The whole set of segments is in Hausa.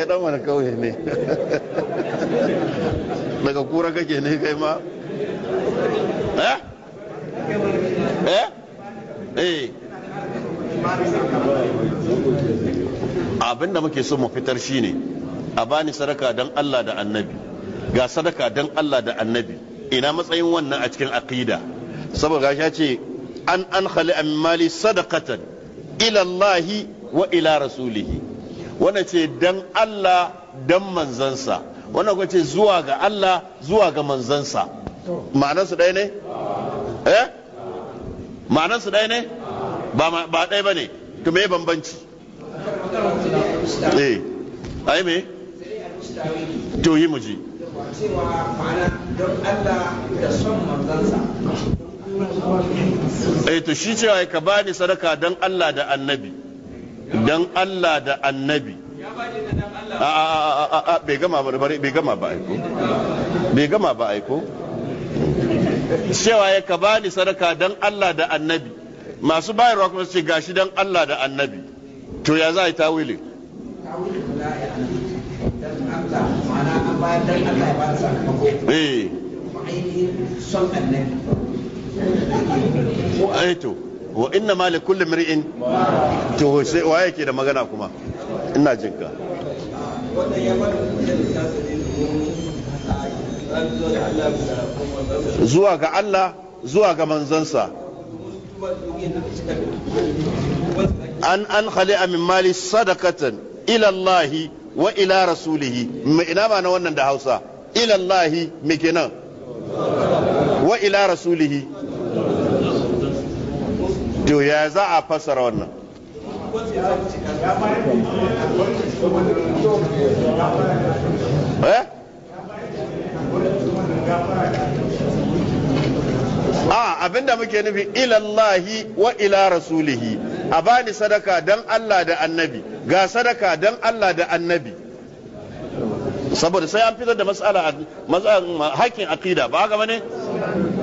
kai dan wani kauye ne daga kura kake ne kai ma eh? Eh? Eh. abin da muke so mu fitar shine a bani sadaka don Allah da annabi ga sadaka don Allah da annabi ina matsayin wannan a cikin aqida saboda ya ce an an khali mali sadaqatan ila wa ila rasulihi wanda ce dan Allah dan manzansa wanda kuma ce zuwa ga Allah zuwa ga manzansa ma'anarsu ɗaya ne? eh? ma'anarsu ɗaya ne? ba ɗaya ba ne to me bambanci? eh ayi me? to yi muji eh to shi cewa ka bani sadaka don Allah da annabi dan Allah da annabi bai gama ba bai gama ba aiko bai gama ba aiko cewa ya ka bani sadaka dan Allah da annabi masu bayarwa kuma su ce gashi dan Allah da annabi to ya za a yi tawili eh, eh to wa inna ma li kulli mar'in to sai waye ke da magana kuma ina jin ka zuwa ga Allah zuwa ga manzansa an an khali'a min mali sadaqatan ila Allah wa ila rasulih ina ma na wannan da Hausa ila Allah me kenan wa ila rasulih to ya za a fassara wannan eh? a ah, abinda muke nufi ilallahi wa ila rasulihi a bani sadaka don Allah da annabi ga sadaka don Allah da annabi saboda sai an fitar da matsala hakkin akida ba haka ne?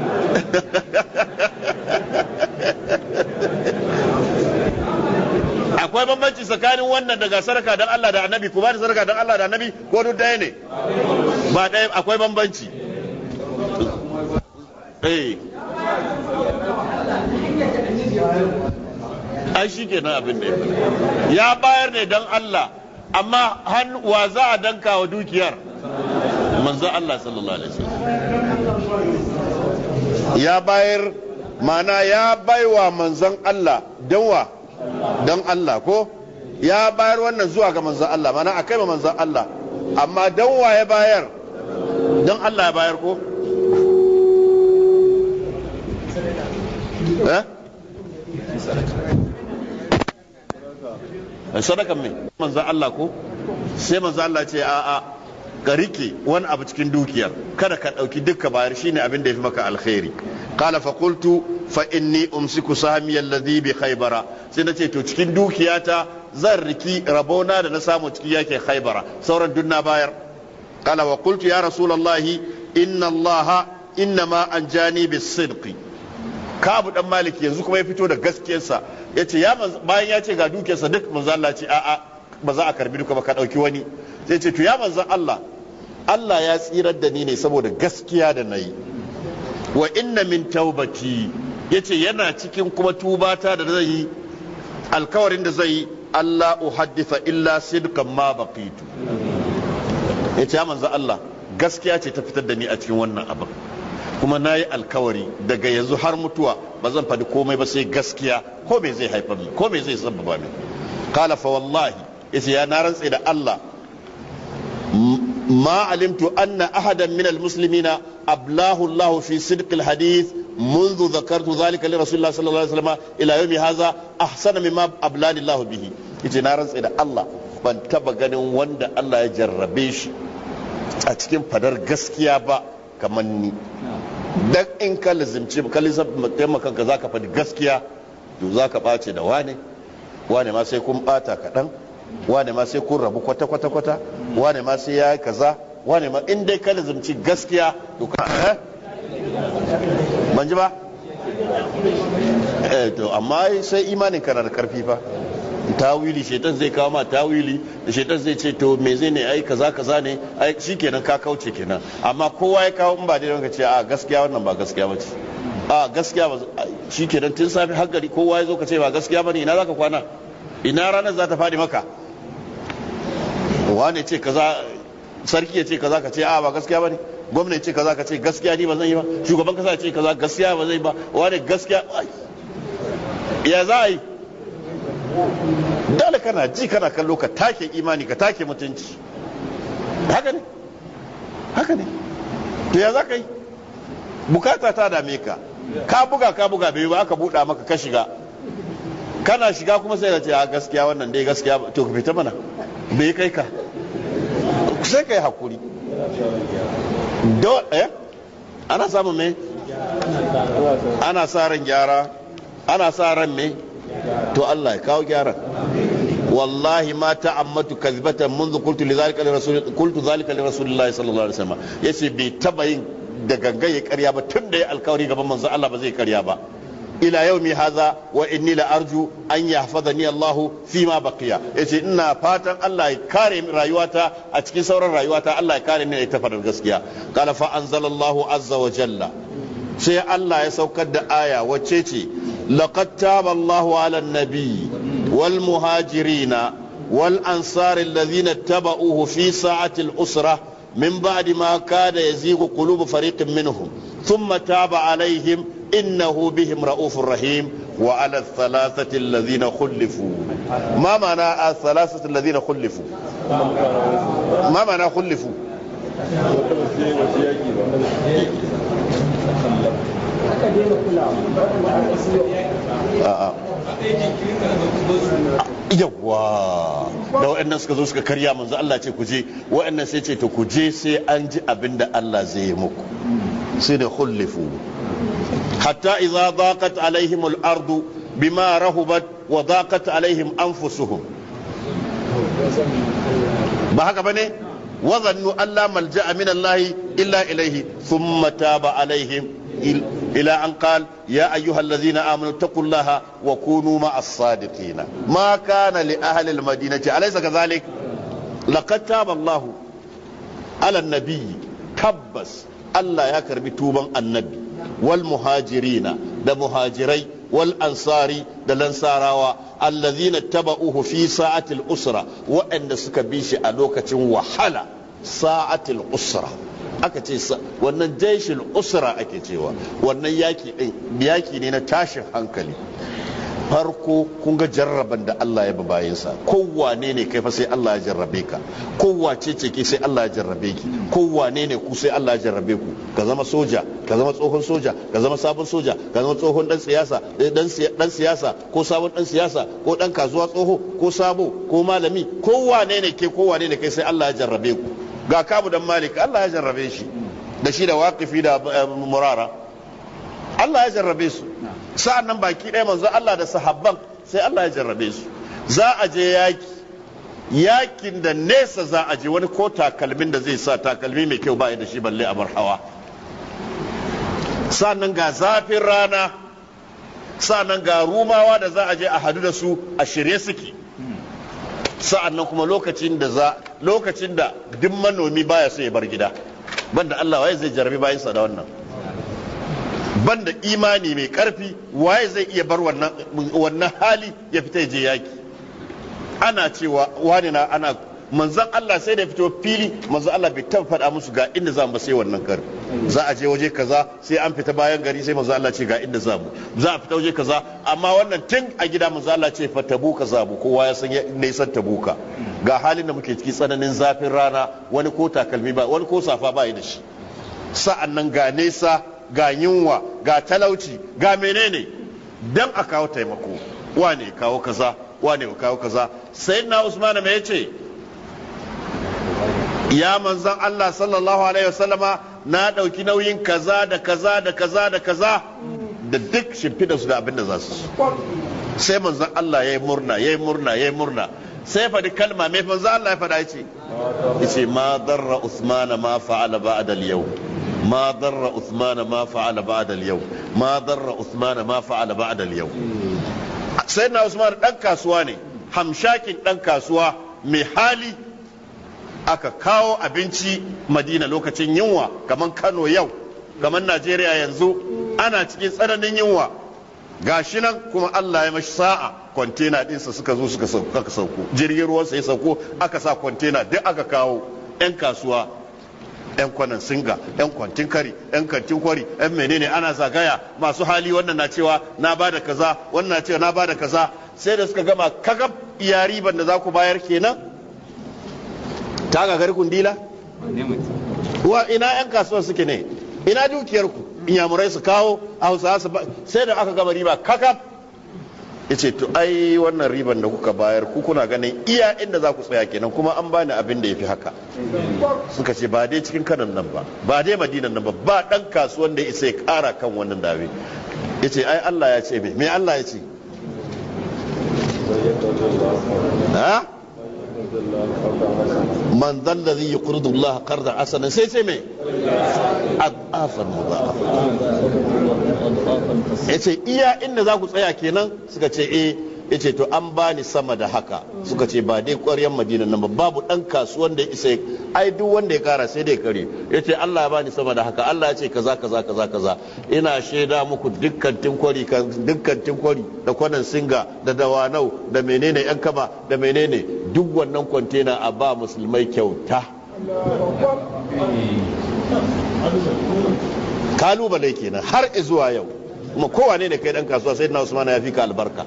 akwai bambanci tsakanin wannan daga sarka don Allah da annabi ku ba da sarka don Allah da annabi ko duk ɗaya ne ba ɗaya akwai bambanci eh. ai shi nan abin ne ya bayar ne don Allah amma hannu wa za a danka wa dukiyar manzo Allah sallallahu alaihi wasallam ya bayar mana ya baiwa manzon Allah danwa don Allah ko ya bayar wannan zuwa ga manzon Allah mana a ma manzon Allah amma danwa ya bayar don Allah ya bayar ko eh sadakan mai manzon Allah ko sai manzon Allah ce a'a ka rike wani abu cikin dukiyar kada ka ɗauki duka bayar shine abin da ya fi maka alkhairi qala fa qultu fa inni umsiku sahmi alladhi bi khaybara sai nace to cikin dukiyata zan riki rabona da na samu cikin yake khaybara sauran dunna bayar qala wa qultu ya rasulullahi inna allaha innama anjani bis sidqi kabu dan maliki yanzu kuma ya fito da gaskiyarsa yace ya bayan ya ce ga dukiyarsa duk manzo Allah ce a'a ba za a karbi duka ba ka dauki wani sai ce to ya manzan Allah Allah ya tsirar da ni ne saboda gaskiya da na yi wa inna min taubati ya ce yana cikin kuma tubata da zai yi alkawarin da zai yi Allah uhaddisa illa sidqan ma baqitu ya ce manzo Allah gaskiya ce ta fitar da ni a cikin wannan abin kuma na yi alkawari daga yanzu har mutuwa ba zan faɗi komai ba sai gaskiya ko me zai haifar ko me zai sabbaba min kala fa wallahi yace ya na rantse da Allah ما علمت أن أحدا من المسلمين أبلاه الله في صدق الحديث منذ ذكرت ذلك لرسول الله صلى الله عليه وسلم إلى يوم هذا أحسن مما أبلاني الله به يجي نارس إلى الله ban taba ganin wanda Allah ya jarrabe shi a cikin fadar gaskiya ba kamar ni dan in ka lazimci ka taimakon ka zaka faɗi gaskiya to zaka ɓace da wane wane ma sai kun bata kaɗan wane ma sai kun rabu kwata kwata kwata wane ma sai ya yi kaza wane ma in dai ka zumci gaskiya to ka eh? ban ji ba eh to amma sai imanin kana da karfi fa tawili shetan zai kawo ma tawili shaitan shetan zai ce to me zai ne ai kaza kaza ne ai shikenan ka kauce kenan amma kowa ya kawo in ba dai ka ce a gaskiya wannan ba gaskiya bace a gaskiya ba shikenan tun safi hankali kowa ya zo ka ce ba gaskiya bane ina zaka kwana ina ranar za ta fadi maka wane ce kaza sarki ya ce kaza ka ce a ba gaskiya ba ne? gwamna ya ce kaza ka ce gaskiya ni ba zan yi ba shugaban kasa ya ce kaza gaskiya ba zai ba wane gaskiya ya za a yi dole kana ji kana kallo ka take imani ka take mutunci haka ne haka ne to ya za ka yi bukata ta dame ka ka buga ka buga bai ba aka buɗa maka ka shiga kana shiga kuma sai ka ce a gaskiya wannan dai gaskiya to ka fita mana me kai ka sai ka yi hakuri eh? ana samun me ana sa ran gyara ana sa ran me to Allah ya kawo gyaran wallahi ma ta'ammatu kazbatan منذ قلت لذلك لرسول قلت ذلك لرسول الله صلى الله عليه وسلم yace bai taba yin da gangan ya karya ba tun da ya alkawari gaban manzo Allah ba zai karya ba ila yaumi hadha wa inni la arju an yahfazani Allah fi ma baqiya yace ina fatan Allah ya kare rayuwata a cikin sauran rayuwata Allah ya kare ni da ita fadar gaskiya qala fa anzalallahu azza wa jalla sai Allah ya saukar da aya wace ce laqad taba Allahu 'ala an wal muhajirina wal ansari alladhina tabauhu fi sa'ati al-usra min ba'di ma kada yazigu qulubu fariqin minhum thumma taba 'alaihim إنه بهم رؤوف rahim wa الثلاثة الذين خلفوا ما معنى الثلاثة الذين خلفوا ما معنى خلفوا yawwa da waɗannan suka zo suka karya manzo Allah ce ku je wa'annan sai ce to ku je sai an ji abin da Allah zai yi muku sai da khullifu hatta idza daqat alaihim al-ardu bima rahubat wa daqat alaihim anfusuhum ba haka bane wazannu alla malja'a min Allah illa ilaihi thumma taba alaihim إلى أن قال يا أيها الذين آمنوا اتقوا الله وكونوا مع الصادقين ما كان لأهل المدينة أليس كذلك لقد تاب الله على النبي تبس الله يكرم توبا النبي wal muhajirina da muhajirai wal ansari da lansarawa allazina uhu fi sa'atil usra waɗanda suka bi shi a lokacin wahala sa'atil usra aka ce wannan jaishil usra ake cewa wannan yaki ne na tashin hankali farko kun ga jarraban da Allah ya bayansa kowa ne kai fa sai Allah ya jarrabe ka kowa ce ke sai Allah ya jarrabe ki kowa ne ku sai Allah ya jarrabe ku ka zama soja ka zama tsohon soja ka zama sabon soja ka zama tsohon dan siyasa eh, dan siyasa ko sabon dan siyasa ko dan kasuwa tsoho ko sabo ko malami kowa ne ke ne ne kai sai Allah ya jarrabe ku ga kabu dan malik Allah ya jarrabe shi da shi da waqifi da eh, murara Allah ya jarrabe su sa'an nan baki ɗaya manzo Allah da sahabban sai Allah ya jarrabe su za a je yaki yakin da nesa za a je wani ko takalmin da zai sa takalmi mai kyau ba da shi balle a hawa sa'an ga zafin rana sa'an nan ga rumawa da za a je a hadu da su a shirye suke sa'an nan kuma lokacin da za lokacin da duk manomi baya so ya bar gida banda Allah waye zai jarabi bayan sa da wannan banda imani mai karfi waye zai iya bar wannan hali ya fita je yaki ana cewa wani na ana manzan Allah sai da fito fili manzan Allah bai taba faɗa musu ga inda za mu sai wannan gari za a je waje kaza sai an fita bayan gari sai manzan Allah ce ga inda za mu za a fita waje kaza amma wannan tun a gida manzan Allah ce fa tabuka za mu kowa ya san nisan tabuka ga halin da muke ciki tsananin zafin rana wani ko takalmi ba wani ko safa ba yi da shi sa'an nan ga nesa ga yunwa ga talauci ga menene dan a kawo taimako wane kawo kaza wane kawo kaza na usman me yace ya manzan Allah sallallahu alaihi wasallama na dauki nauyin kaza da kaza da kaza da kaza da duk shimfiɗa su da abin da za su sai manzan Allah ya yi murna ya yi murna ya yi murna sai faɗi kalma mai manzan Allah ya faɗa ya ce ce ma darra Usman ma fa'ala ba'da al yau ما ضر usman ma فعل بعد اليوم ما ضر عثمان usman ma بعد اليوم سيدنا عثمان دان كاسوا dan kasuwa ne hamshakin dan kasuwa mai hali aka kawo abinci madina lokacin yunwa kamar kano yau kamar najeriya yanzu ana cikin tsananin yunwa gashi nan kuma allah ya mashi sa'a kwantena dinsa suka zo suka sauko jirgin ruwansa ya sauko aka sa kwantena duk aka kawo 'yan kasuwa yan kwanan singa yan kwantin kari yan kantin kwari yan menene ana zagaya masu hali wannan na cewa na bada kaza wannan na cewa na bada kaza sai da suka gama kakab iya riban da za ku bayar kenan ta gagar kundila wa ina yan kasuwar suke ne ina dukiyar ku inyamurai su kawo a hausa su sai da aka gama riba kakab ya ce to ai wannan riban da kuka bayar ku kuna ganin iya inda za ku tsaya kenan kuma an bani abin da ya fi haka suka ce ba dai cikin kanan nan ba ba dai madinan nan ba ba dan kasuwan da isa ya kara kan wannan dawe ya ce ai allah ya ce me me allah ya ce man zan da yi kurdu Allah karda asanin sai sai mai adafan mudafan ya ce iya inda za ku tsaya kenan suka ce eh ya ce to an bani sama da haka suka ce ba dai ƙwaryen madina nan ba babu dan kasuwan da isa ai duk wanda ya kara sai dai kare ya ce allah ya bani sama da haka allah ya ce kaza kaza kaza kaza ina shaida muku dukkan tinkwari dukkan tinkwari da kwanan singa da dawanau da menene yan kaba da menene duk wannan kwantena a ba musulmai kyauta kalubale kenan har zuwa yau kuma kowa ne kai dan kasuwa sai na usman ya fi ka albarka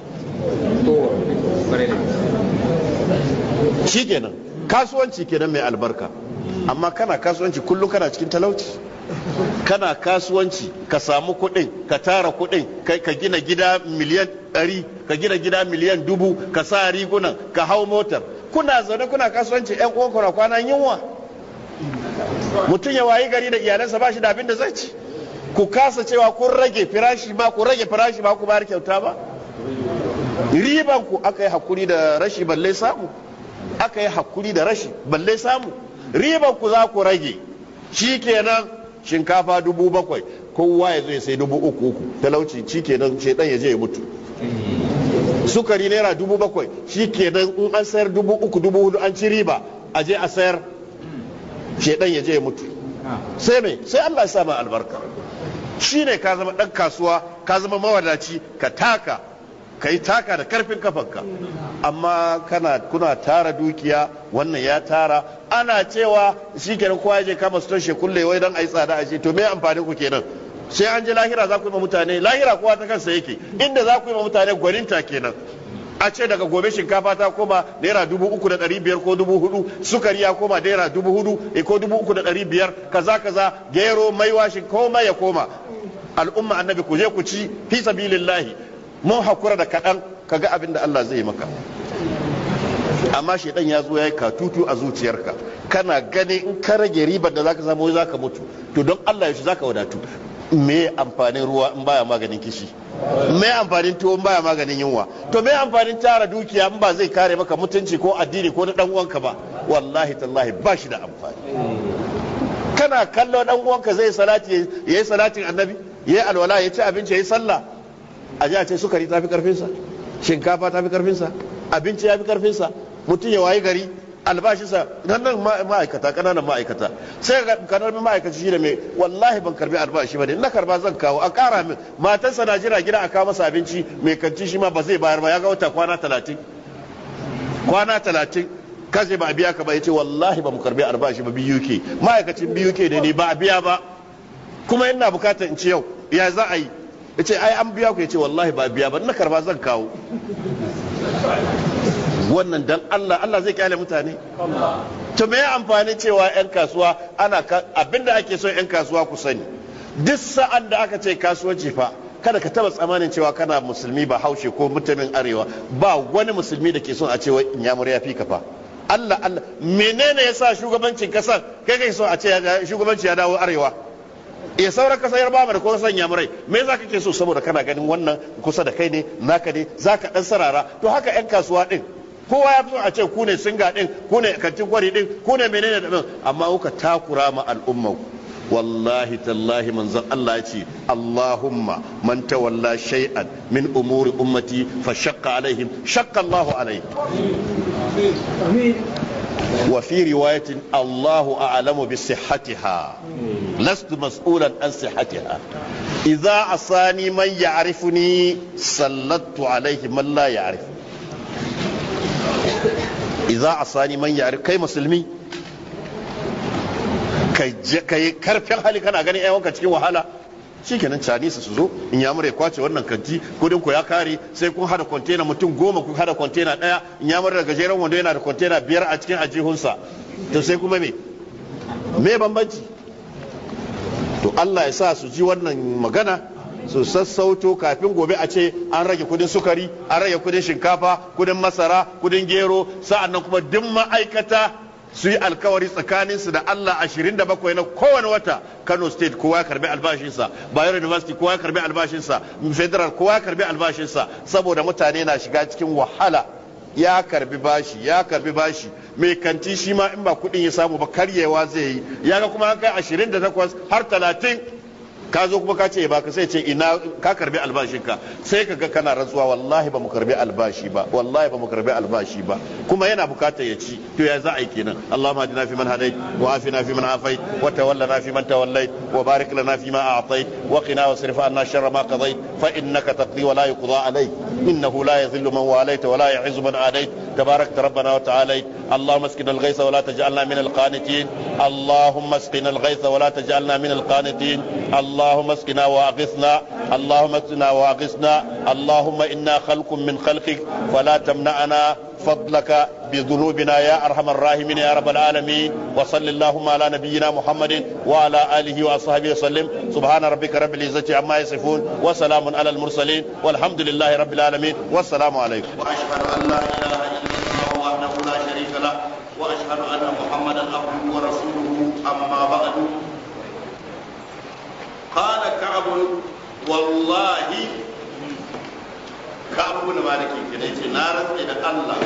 shi kenan kasuwanci kenan mai albarka amma kana kasuwanci kullum kana cikin talauci kana kasuwanci ka samu kuɗin ka tara kuɗin ka gina gida miliyan ɗari ka gina gida miliyan dubu ka sa rigunan ka hau motar kuna zaune kuna kasuwanci yan uwanku na kwana yunwa mutum ya wayi gari da iyalansa ba shi da abin da zai ci ku kasa cewa kun rage firashi ba ku rage firashi ba ku bayar kyauta ba riban ku aka yi hakuri da rashi balle samu aka yi hakuri da rashi balle samu riban ku za ku rage shi kenan shinkafa dubu bakwai kowa ya zo sai dubu uku uku talauci shi kenan shedan ya je ya mutu sukari naira dubu bakwai shi ke in an sayar dubu uku dubu hudu an ci riba a je a sayar shedan ya je ya mutu sai mai sai allah sa ma albarka shi ne ka zama dan kasuwa ka zama mawadaci ka taka ka yi taka da karfin kafanka amma kana kuna tara dukiya wannan ya tara ana cewa shi kenan kowa ya je kama su toshe kulle wai don a yi tsada a to me amfani ku kenan sai an je lahira za ku yi ma mutane lahira kowa ta kansa yake inda za ku yi ma mutane gwaninta kenan a ce daga gobe shinkafa ta koma naira dubu uku da ɗari biyar ko dubu hudu sukari ya koma naira dubu hudu eh, ko dubu uku da ɗari biyar kaza kaza gero maiwa shi koma ya koma al'umma annabi ku je ku ci fi sabilillahi mun hakura da kaɗan ka abin da Allah zai maka amma shaidan ya zo ya yi katutu a zuciyarka kana gani in ka rage ribar da zaka samu ka mutu to don Allah yaushe ka wadatu me amfanin ruwa in baya maganin kishi me amfanin tuwo baya maganin yunwa to me amfanin tara dukiya in ba zai kare maka mutunci ko addini ko na dan uwanka ba wallahi tallahi ba shi da amfani kana kallo dan uwanka zai salati yayi salatin annabi yayi alwala ya ci abinci yayi sallah a a ce sukari tafi karfin sa shinkafa tafi karfin sa abinci yafi karfin sa mutum ya wayi gari albashinsa nan nan ma'aikata kananan ma'aikata sai ga karamin ma'aikaci shi da mai wallahi ban karbi albashi ba ne na karba zan kawo a kara min matansa na jira gida a kawo masa abinci mai kanci shi ma ba zai bayar ba ya ga wata kwana talatin kwana talatin kaje ba a biya ka ba ya ce wallahi ba mu karbi albashi ba biyu ke ma'aikacin biyu ke da ne ba a biya ba kuma ina bukatar in ce yau ya za a yi ya ce ai an biya ku ya ce wallahi ba a biya ba na karba zan kawo wannan dan Allah Allah zai kyale mutane to me amfani cewa yan kasuwa ana abinda ake so yan kasuwa ku sani duk sa'an da aka ce kasuwanci fa kada ka taba tsamanin cewa kana musulmi ba haushe ko mutumin arewa ba wani musulmi da ke son a cewa inyamur ya fi ka fa Allah Allah menene yasa shugabancin kasar kai kai so a ce shugabanci ya dawo arewa ya sauran kasa yarba da kuma sanya murai me za ka ke so saboda kana ganin wannan kusa da kai ne naka ne za ka dan sarara to haka yan kasuwa din kowa ya so a ce ku ne singa din ku ne kantin kwari din ku ne menene da amma kuka takura ma al'ummar wallahi tallahi manzon Allah ya ce Allahumma man tawalla shay'an min umuri ummati fa shaqqa alaihim shaqqa Allahu alaihim wa fi riwayatin Allahu a'lamu bi sihhatiha lastu mas'ulan an sihhatiha idza asani man ya'rifuni sallattu alaihi man la ya'rifuni Za a sani man ya'rif kai musulmi ka yi karfin hali kana ganin ƴan wanka cikin wahala shikenan canisa su zo in ya mure kwace wannan kanti kudin ku ya kare sai kun hada kwantena mutum goma kun hada kwantena daya in ya mure gajeren wando yana da kwantena biyar a cikin ajihunsa to sai kuma me me bambanci to Allah ya sa su ji wannan magana su sassauto kafin gobe a ce an rage kudin sukari an rage kudin shinkafa kudin masara kudin gero sa'annan kuma duk ma'aikata su yi alkawari tsakaninsu da Allah 27 na kowane wata Kano State kowa ya karbi albashinsa Bayero University kowa ya karbi albashinsa Federal kowa ya karbi albashinsa saboda mutane na shiga cikin wahala ya karbi bashi ya karbi bashi mai kanti shi ma in ba kudin ya samu ba karyewa zai yi ya ga kuma an kai 28 har 30 ka zo kuma ka ce ba ka sai ce ina ka karbi albashin ka sai ka ga kana rantsuwa wallahi ba mu karbi albashi ba wallahi ba mu karbi albashi ba kuma yana bukatar ya ci to ya za a yi kenan Allahumma hadina fi man hadait wa afina fi man afait wa tawallana fi man tawallait wa barik lana fi ma a'tait wa qina wasrif anna sharra ma qadait fa innaka taqdi wa la yuqda alayk innahu la yadhillu man walayta wa la yu'izzu man adait تبارك ربنا وتعالى اللهم اسقنا الغيث ولا تجعلنا من القانتين اللهم اسقنا الغيث ولا تجعلنا من القانتين الله اللهم اسقنا واغثنا اللهم اسقنا واغثنا اللهم انا خلق من خلقك فلا تمنعنا فضلك بذنوبنا يا ارحم الراحمين يا رب العالمين وصل اللهم على نبينا محمد وعلى اله واصحابه وسلم سبحان ربك رب العزه عما يصفون وسلام على المرسلين والحمد لله رب العالمين والسلام عليكم واشهد ان لا اله الا الله وحده لا شريك له واشهد ان محمدا عبده ورسوله اما بعد qala ka'ab wallahi ka'ab ibn malik kenan yace na rantsa da Allah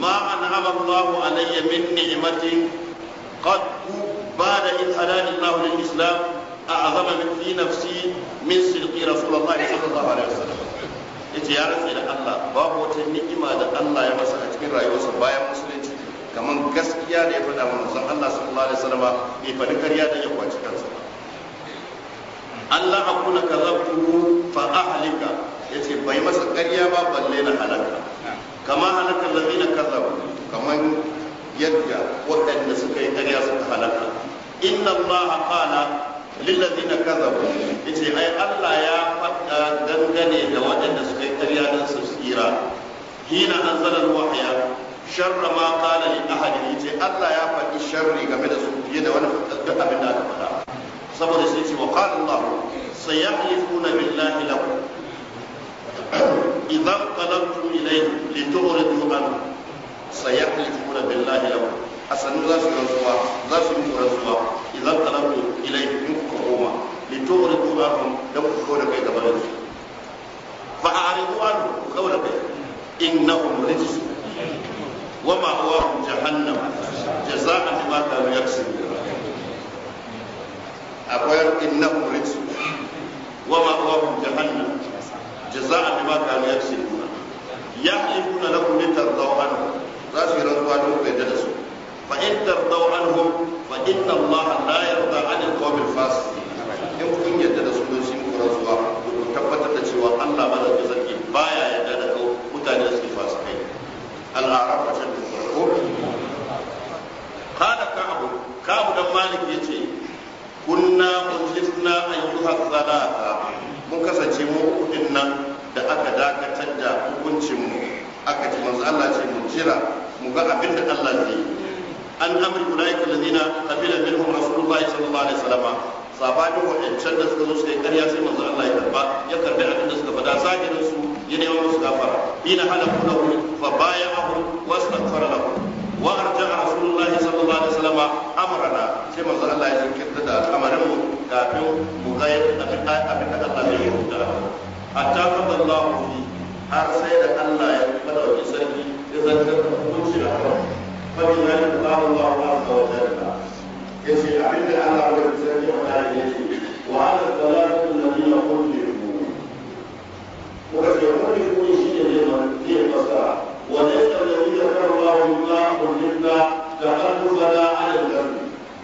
ma an'ama Allah alayya min ni'matin qad ba'da in hadani Allah lil Islam a'azama min fi nafsi min sidqi rasulullah sallallahu alaihi wasallam yace ya rantsa da Allah babu wata ni'ima da Allah ya masa a cikin rayuwarsa bayan musulunci kamar gaskiya da ya faɗa wa manzon Allah sallallahu alaihi wasallam bai faɗi ƙarya da ya kwaci kansa Allah akuna kazabtuhu fa ahlika yace bai masa ƙarya ba balle na halaka kama halakar lazina kazabu kamar yadda waɗanda suka yi ƙarya suka halaka inna Allah qala lillazina kazabu yace ai Allah ya faɗa dangane da waɗanda suka yi ƙarya dan su tsira hina anzala alwahya sharra ma qala li ahadin yace Allah ya faɗi sharri game da su fiye da wani abin da aka faɗa saboda sai ce wa qala Allah sayahlifuna billahi lakum idza qalabtum ilayhi litughridu za su rantsuwa za su yi rantsuwa in kuka koma da ku kawo da kai gaba da su fa kawo da kai كلمنا تأخذنا على الذنب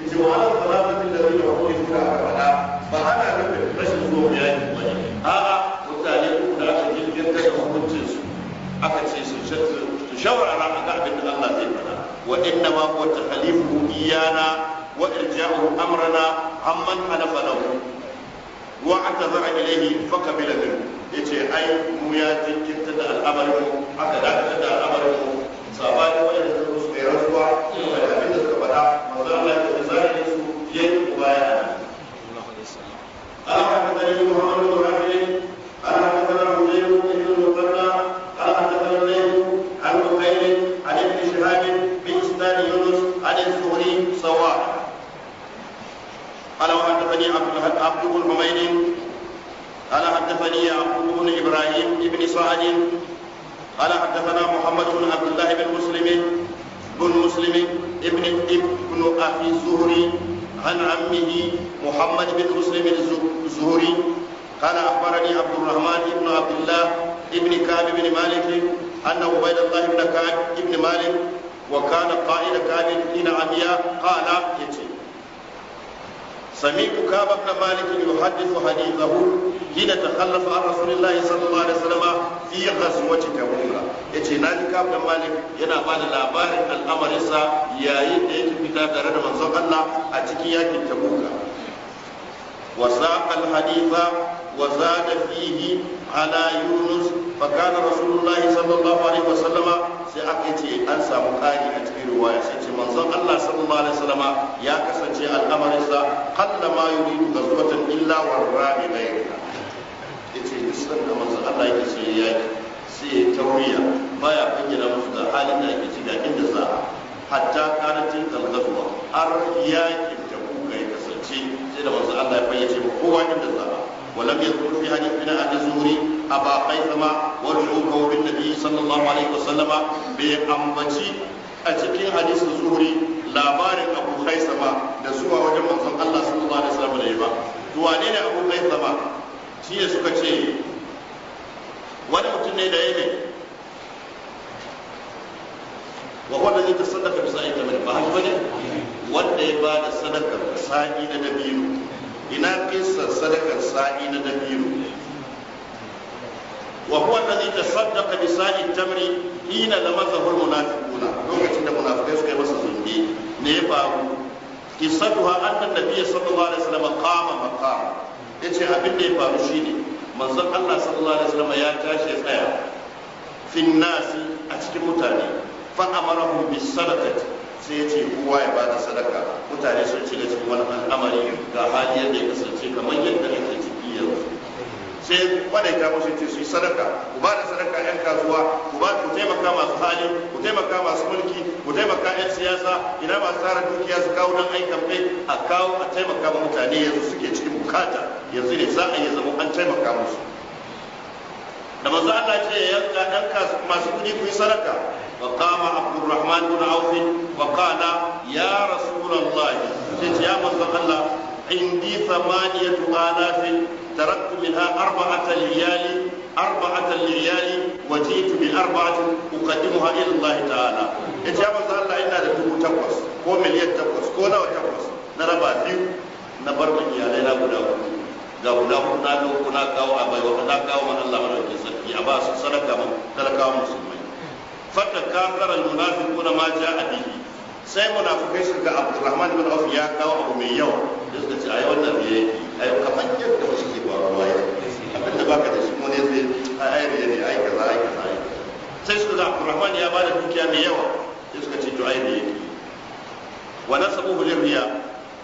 إجماع الثلاثة الذين يقول فيها أكبرها فأنا نبي رشد الزوم يعني هذا وتعليقه لا تجد جدا يقول تنسو أكتشيس تشاور على مكعب أن الله زي وإنما هو تخليفه إيانا وإرجاعه أمرنا عمن حلف له واعتذر إليه فقبل منه yace ai mu ya jinkirta da al'amarin mu aka dakatar da al'amarin mu sabani wanda ta zo suka da abin da suka faɗa manzo Allah ya tafi zalimi su yayi mubayana Allah ya tafi Muhammadu Rabbani قال وحدثني عبد عبد بن حميد قال حدثني يعقوب بن ابراهيم بن سعد قال حدثنا محمد بن عبد الله بن مسلم بن مسلم ابن ابن أخي الزهري عن عمه محمد بن مسلم الزهري قال أخبرني عبد الرحمن بن عبد الله ابن كعب بن مالك أن عبيد الله بن كعب بن مالك وكان قائد كعب بن عمياء قال يتي سمعت كعب بن مالك يحدث حديثه حين تخلف عن رسول الله صلى الله عليه وسلم في غزوة تبوك yace na ji kaf dan malik yana ba da labarin al'amarinsa yayin da yake fita tare da manzon Allah a cikin yakin ta wa saqa al وزاد فيه على يونس فكان رسول الله صلى الله عليه وسلم سأكتي أنسى مقاري أتبي رواية سيتي منظر الله صلى الله عليه وسلم يا كسنتي الأمر إذا قل ما يريد غزوة إلا والرام غيرها يتي يسلم منظر الله يتي ياك سي توريا ما يقين لمسك حالي لا يتي لكن جزاء حتى كانت تلك الغزوة أر ياك تبوك يتسلتي سيدي منظر الله يفيتي وقوة جزاء ولم يذكر في حديث بن ابي الزهري ابا قيثم ولحوقه بالنبي صلى الله عليه وسلم بامبتي a cikin hadisin zuhuri labarin abu haisama da zuwa wajen manzon Allah sallallahu alaihi wasallam da yi ba to wane ne abu haisama shi ne suka ce wani mutum ne da wanda zai bisa ba wanda ya ba da sadaka sa'i na dabino ina kisa sadakar sa'i na dabiru wa huwa alladhi tasaddaqa bi sa'i tamri hina lamathahu almunafiquna lokacin da munafikai suka yi masa zunubi ne ya faru kisatuha anna nabiyya sallallahu alaihi wasallam qama maqam yace abin da ya faru shine manzon Allah sallallahu alaihi wasallam ya tashi tsaya fi nasi a cikin mutane fa amarahu bis sadaqati sai ya ce kowa ya bada sadaka mutane sun shiga cikin wani al'amari ga hali yadda ya kasance kamar yadda ake ciki yanzu sai kwadaita musu ce su yi sadaka ku ba da sadaka yan kasuwa ku ba ku taimaka masu hali ku taimaka masu mulki ku taimaka yan siyasa ina masu tsara dukiya su kawo don aikan kamfe a kawo a taimaka mutane yanzu suke cikin bukata yanzu ne za a yi zama an taimaka musu da manzo Allah ce yanka dan masu kudi ku yi sadaka wa qama abdurrahman ibn auf wa qala ya rasulullah ce ya manzo Allah indi thamaniyatu taraktu minha arba'ata liyali arba'ata liyali wa jitu bi arba'atin uqaddimuha ila Allah ta'ala yace ya manzo Allah ina da dubu takwas ko miliyan takwas ko nawa takwas na raba biyu na barban iyalai na guda uku ga guda hudu na doko na kawo a bai wa na kawo man Allah madaukakin sarki a ba su sadaka mun talakawa musulmai fatta kafara almunafiquna ma ja'a bihi sai munafukai su ga Abdulrahman bin Auf ya kawo abu mai yawa da suka ce ai wannan me yake ai kamar yadda wasu ke faruwa ya abin da baka da shi mu ne sai ai ai ne ai kaza ai kaza ai sai suka ga Abdulrahman ya bada dukiya mai yawa sai suka ce to ai me yake wa nasabuhu lirriya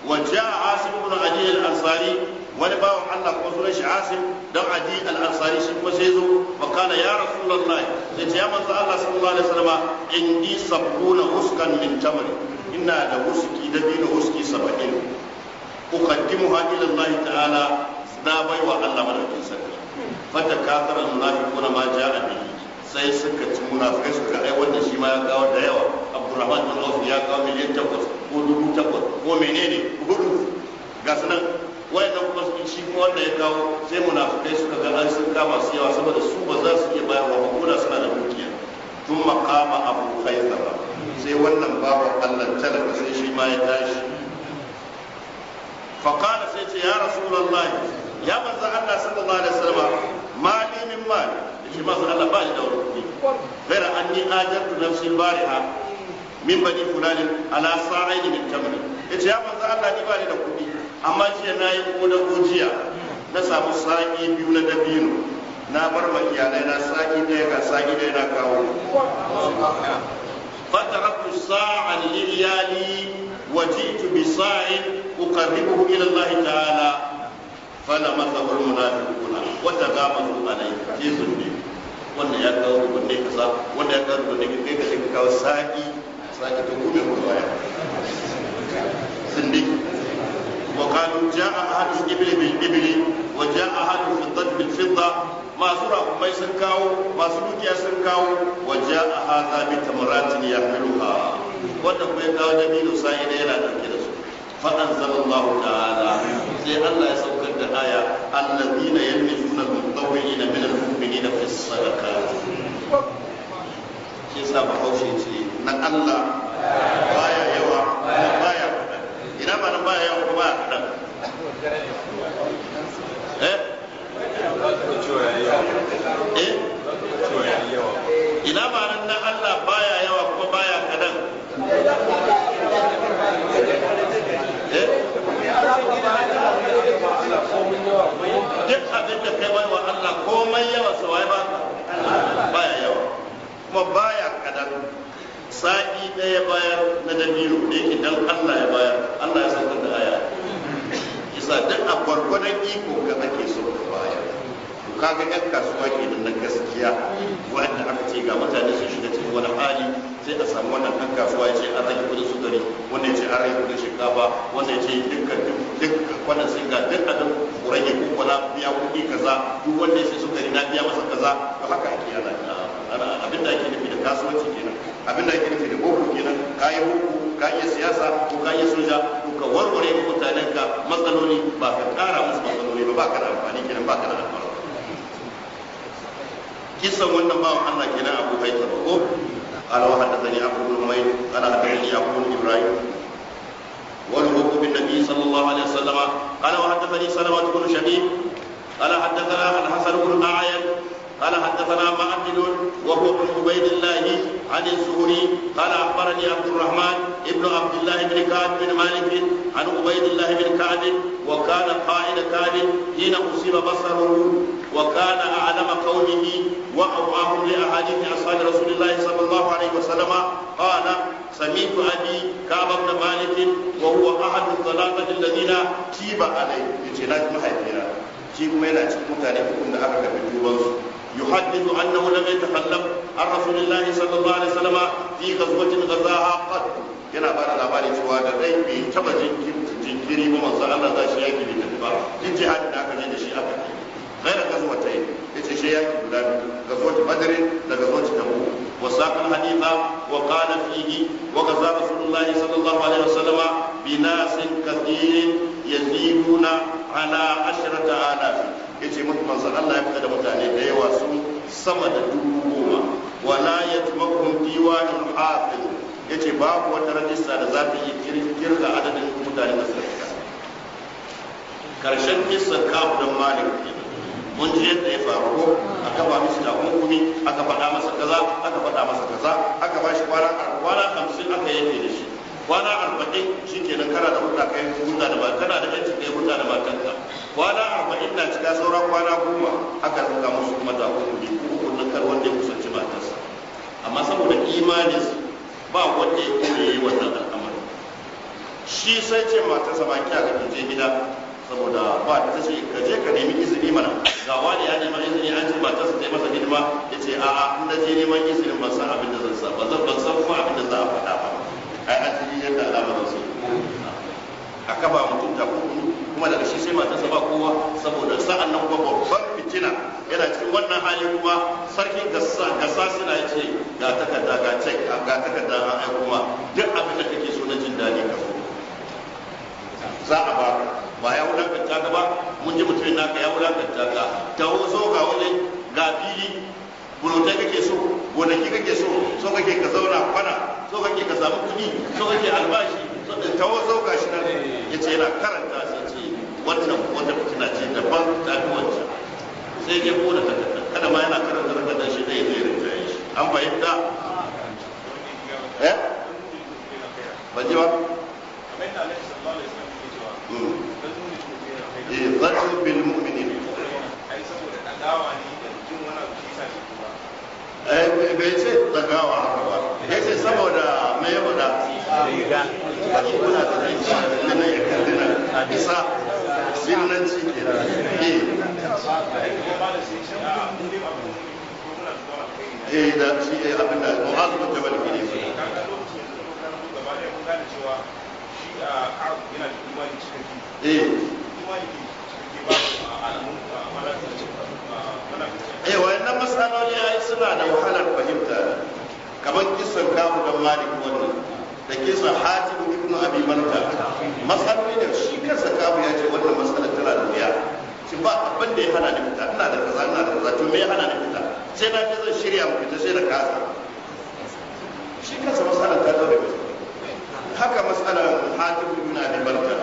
wa ja'a Asim ibn Ali al-Ansari wani bawan Allah ko sunan shi Asim dan Adi al-Ansari shi kuma sai zo makana ya Rasulullah ya ce ya manzo Allah sallallahu alaihi wasallam indi sabuna huskan min tamr ina da huski da dinu huski 70 uqaddimuha ila Allah ta'ala na baiwa Allah madaukin sarki fata kafar al-munafiquna ma ja'a bihi sai suka ci munafikai suka ai wannan shi ma ya kawo da yawa Abdurrahman bin Auf ya kawo miliyan takwas ko dubu takwas ko menene hudu ga su nan wayannan kuma su shi kuma wanda ya kawo sai munafukai suka ga an sun kama su yawa saboda su ba za su iya bayarwa ba kuna suna da dukiya tun makama abu haifara sai wannan babu allah talaka sai shi ma ya tashi faƙala sai ce ya rasulallah ya manzan allah sallallahu alaihi wasallam mali min mali shi ma sun allah ba shi da wani kuɗi gaira an yi ajartu nafsi bariha min bani fulani ala sa'aini min tamri yace ya manzan allah ni ba ni da kuɗi amma jiya na yi ko da jiya na samu saki biyu na dabino na bar ma iyalai na sa'i ɗaya ga sa'i ɗaya na kawo فتركت bi لإليالي وجئت بصاع أقربه إلى الله mazhabul munafiquna wa وتغامزوا alayhi جيس الدين wannan ya kawo ya kasa wanda ya kawo rubunne kai ka sai kawo ko baya sun وقالوا جاء أهل في الإبل بالإبل وجاء أهل في الضد بالفضة ما سرق ما يسنكاو ما سرق يسنكاو وجاء هذا بتمرات يحملها وتقول له جميل سائل إلى كده فأنزل الله تعالى سيئا الله يسوك الدعاية الذين يلمسون المطوعين من المؤمنين في الصدقات شيء سابق أو شيء شيء نقل الله بايا يوا بايا ina ba nan baya yawa ba kaɗan eh? Eh? ina ba nan na Allah baya yawa kuma baya kaɗan eh? duk abin da kai bai wa Allah komai yawa sawai ba baya yawa kuma baya kaɗan sa'i ɗaya bayar na dabiru ne idan dan Allah ya bayar Allah ya saukar da aya isa duk a gwargwadon iko ga ake so ka bayar kaga yan kasuwa ke da na gaskiya wanda aka ce ga mutane sun shiga cikin wani hali sai a samu wannan ɗan kasuwa ya ce an rage kudin gari wanda ya ce an rage kudin shinkafa wanda ya ce dukkan duk wannan sun ga duk abin rage ko na biya kuɗi kaza duk wanda ya ce gari na biya masa kaza to haka ake yana abinda ake nufi kasuwanci kenan abinda ake nufi da boko kenan ka yi boko ka iya siyasa ko ka iya soja ko ka warware wa mutanen ka matsaloli ba ka kara musu matsaloli ba ba ka da amfani kenan ba ka da alfarma kisan wannan bawan Allah kenan Abu Haifa ko قال وحدثني عبد بن حميد قال حدثني عبد بن ابراهيم والوقوف بالنبي صلى الله عليه وسلم قال وحدثني سلمة بن شبيب قال حدثنا الحسن بن أعين قال حدثنا معدل وهو بن عبيد الله عن الزهري قال اخبرني عبد الرحمن ابن عبد الله بن كعب بن مالك عن عبيد الله بن كعب وكان قائد كعب حين اصيب بصره وكان اعلم قومه واوعاهم لاحاديث اصحاب رسول الله صلى الله عليه وسلم قال سميت ابي كعب بن مالك وهو احد الثلاثه الذين تيب عليه يجي لازم يحدث أنه لم يتكلم عن رسول الله صلى الله عليه وسلم في غزوة غزاها قد yana ba da labarin cewa da rai bai taba jinkiri ba manzo Allah za shi yaki bai tafi ba duk jihadin da aka je da shi aka yi غير غزوتين yace shi yaki guda biyu غزوة بدر da غزوة تبوك وساق الحديث وقال فيه وغزا رسول الله صلى الله عليه وسلم بناس كثير يزيدون على عشرة آلاف ce manzo Allah ya fita da mutane da yawa sun sama da dubu goma wala in diwanul ya ce babu wata rajista da za ta yi kirga adadin mutane da suka fita karshen kisan kafu dan malik mun ji yadda ya faru ko aka ba mishi takunkumi aka faɗa masa kaza aka faɗa masa kaza aka ba shi kwana kwana hamsin aka yanke da shi kwana arba'in shi ke nan kana da hulɗa kai hulɗa da matan kana da yanci kai hulɗa da matanka kwana arba'in na cika sauran kwana goma haka sun ga musu kuma zaɓo ne ko na kar wanda ya kusanci matarsa amma saboda imanin ba wanda ya kuma yi wannan al'amari shi sai ce matarsa ba kya ka je gida saboda ba ta ce ka je ka nemi izini mana ga wani ya nema izini an ce matarsa ta yi masa hidima ya ce a'a in na je neman izinin ban san abin da zan sa ban san kuma abin da za a faɗa ba a asali yadda al'amarin su a kaba mutum ta kuma kuma daga shi sai matarsa ba kowa saboda sa'an nan kuma babban fitina yana cikin wannan hali kuma sarkin gasa suna ce ga takarda ga cek ga takarda a aiko kuma duk abin da kake so na jin daɗi ka za a ba ba ya wulakanta ka ba mun ji mutumin ka ya wulakanta ka ta zo ga wani ga fili bulotai kake so gonaki kake so so kake ka zauna kwana so kake ka samu kuɗi so kake albashi so da ka shi nan ya ce yana karanta sai ce wannan wanda fitina ce daban ta fi wancan sai ya kona ta kada ma yana karanta takardar shi zai zai rinjaye shi an fahimta eh ba ji ba zatu hmm. eh, bil mu'minin ai saboda adawa ne da jin wani abu shi sa shi kuma Eh, bai ce tsakawa ya ce saboda mai ya kuna da rai nan ya ke da eh. eh, da shi ne abin da eh wayannan matsaloli ai suna da wahalar fahimta kamar kisan kamu dan malik wannan da kisan hatim ibn abi manta matsaloli da shi kansa kamu ya ce wannan masalar tana da wuya shi ba abin da ya hana ni fita ina da kaza ina da kaza to me ya hana ni fita sai na ce zan shirya mu fita sai da kasa shi kansa masalar ta daure haka matsalar hatim ibn abi manta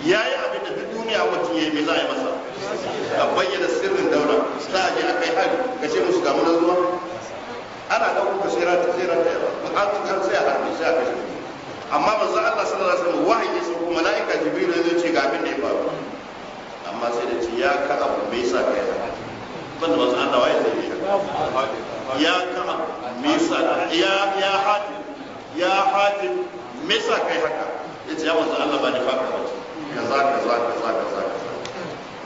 yayi abin da duniya wacce yayi me za a yi masa a bayyana sirrin daura za a je a kai hari ka ce musu gamu na zuwa ana ɗaukar ka sai ranta sai ranta an tukar sai a harbi sai a kashe amma manzo Allah sallallahu alaihi wasallam wahayi sai kuma malaika jibril zai ce ga abin da ya faru amma sai da ci ya ka abu me yasa kai haka banda manzo Allah waye zai yi ya ka me yasa ya ya hatim ya hatim me yasa kai haka yace ya manzo Allah ba ni fa ka kaza kaza kaza kaza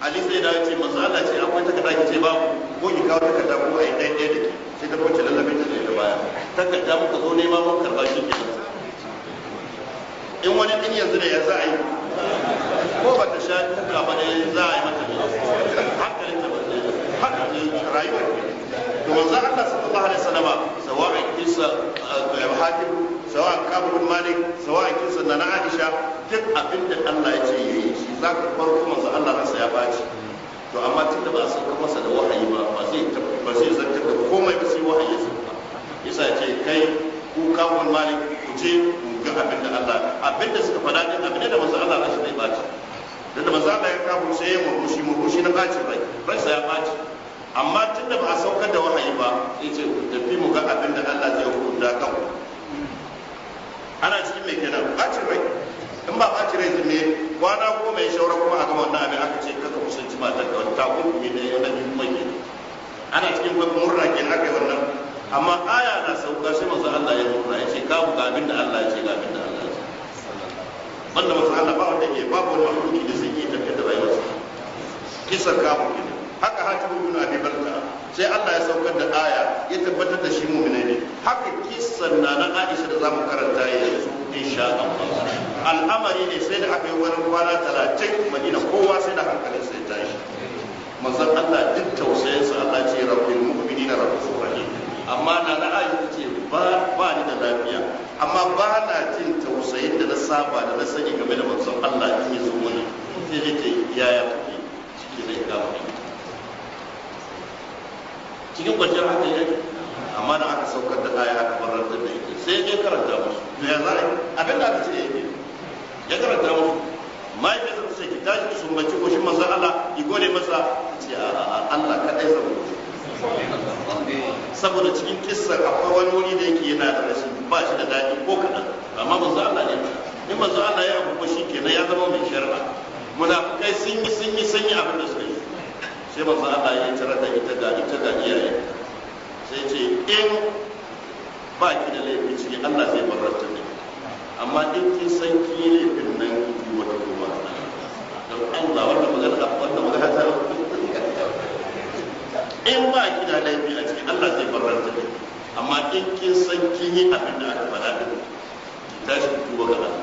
ali sai da ce manzo Allah ce akwai takarda ki ce babu ko ki kawo takarda ko ai dai dai dake sai ta kwace lallabin ta da baya takarda muka zo nema mun karba shi ke in wani din yanzu da ya za a yi ko ba ta sha takarda ba dai za a yi mata ne haka ne haka ne rayuwar to manzo Allah sallallahu alaihi wasallama sawa'i kisa eh, hakim sawa'i kabul malik sawa'i kisa na Aisha duk abin da Allah ya ce ya yi shi za ka farko manzo Allah ransa ya baci to amma tun da ba a sauka masa da wahayi ba ba zai ba zai zartar da komai ba sai wahayi sun ba yasa ce kai ku kafin malik ku je ku ga abin da Allah abin da suka faɗa din abin da manzo Allah ransa bai baci da da manzo Allah ya kafu sai ya murmushi murmushi na bai rai sai ya baci amma tun da ba a saukar da wahayi ba sai ce ku tafi mu ga abin da Allah zai hukunta kanku ana cikin mai kenan bacin rai in ba ba cire zume kwana ko mai shaura kuma a gama wannan abin aka ce kaka kusanci matar da wani takunkumi da yau na biyu mai ana cikin murna ke haka yi wannan amma aya na sauka shi manzo Allah ya murna ya ce kawo ga abin da Allah ya ce ga abin da Allah ya ce banda manzo Allah ba wanda ke babu wani mahluki da zai yi tafiya da rayuwarsa kisa kamun gidi haka hatibu ibn abi balta sai Allah ya saukar da aya ya tabbatar da shi mu'mini ne haka kisan na na Aisha da zamu karanta yanzu insha Allah al'amari ne sai da aka yi wurin kwana 30 Madina kowa sai da hankalin sai tashi manzon Allah duk tausayinsa Allah ce rabbil mu'minina rabbil rahim amma na na Aisha ce ba ba ni da lafiya amma ba na jin tausayin da na saba da na sani game da manzon Allah in yi zo mana sai yake yaya kake shi ne cikin kwanciyar hankali yake amma da aka saukar da aya aka barar da yake sai ya karanta musu to ya zai abin da aka ce ya yi ya karanta musu mahaifiyarsa ta ce ki tashi ki sumbaci koshin manzon Allah ki gode masa ce Allah kadai zama saboda cikin kissa akwai wani wuri da yake yana da rashin ba shi da daɗi ko kaɗan amma manzon Allah ne in manzon Allah ya abu ko shi kenan ya zama mai shar'a munafukai sun yi sun yi sun yi abin da suka sai manzo Allah ya tsara da ita ga ita ga iyaye sai ce in ba ki da laifin ciki Allah zai barata ne amma in kin san ki laifin nan ki wata kuma don Allah wanda magana wanda magana ta in ba ki da laifin a ciki Allah zai barata ne amma in kin san kin yi abin da aka faɗa da ki tashi ki tuba ga Allah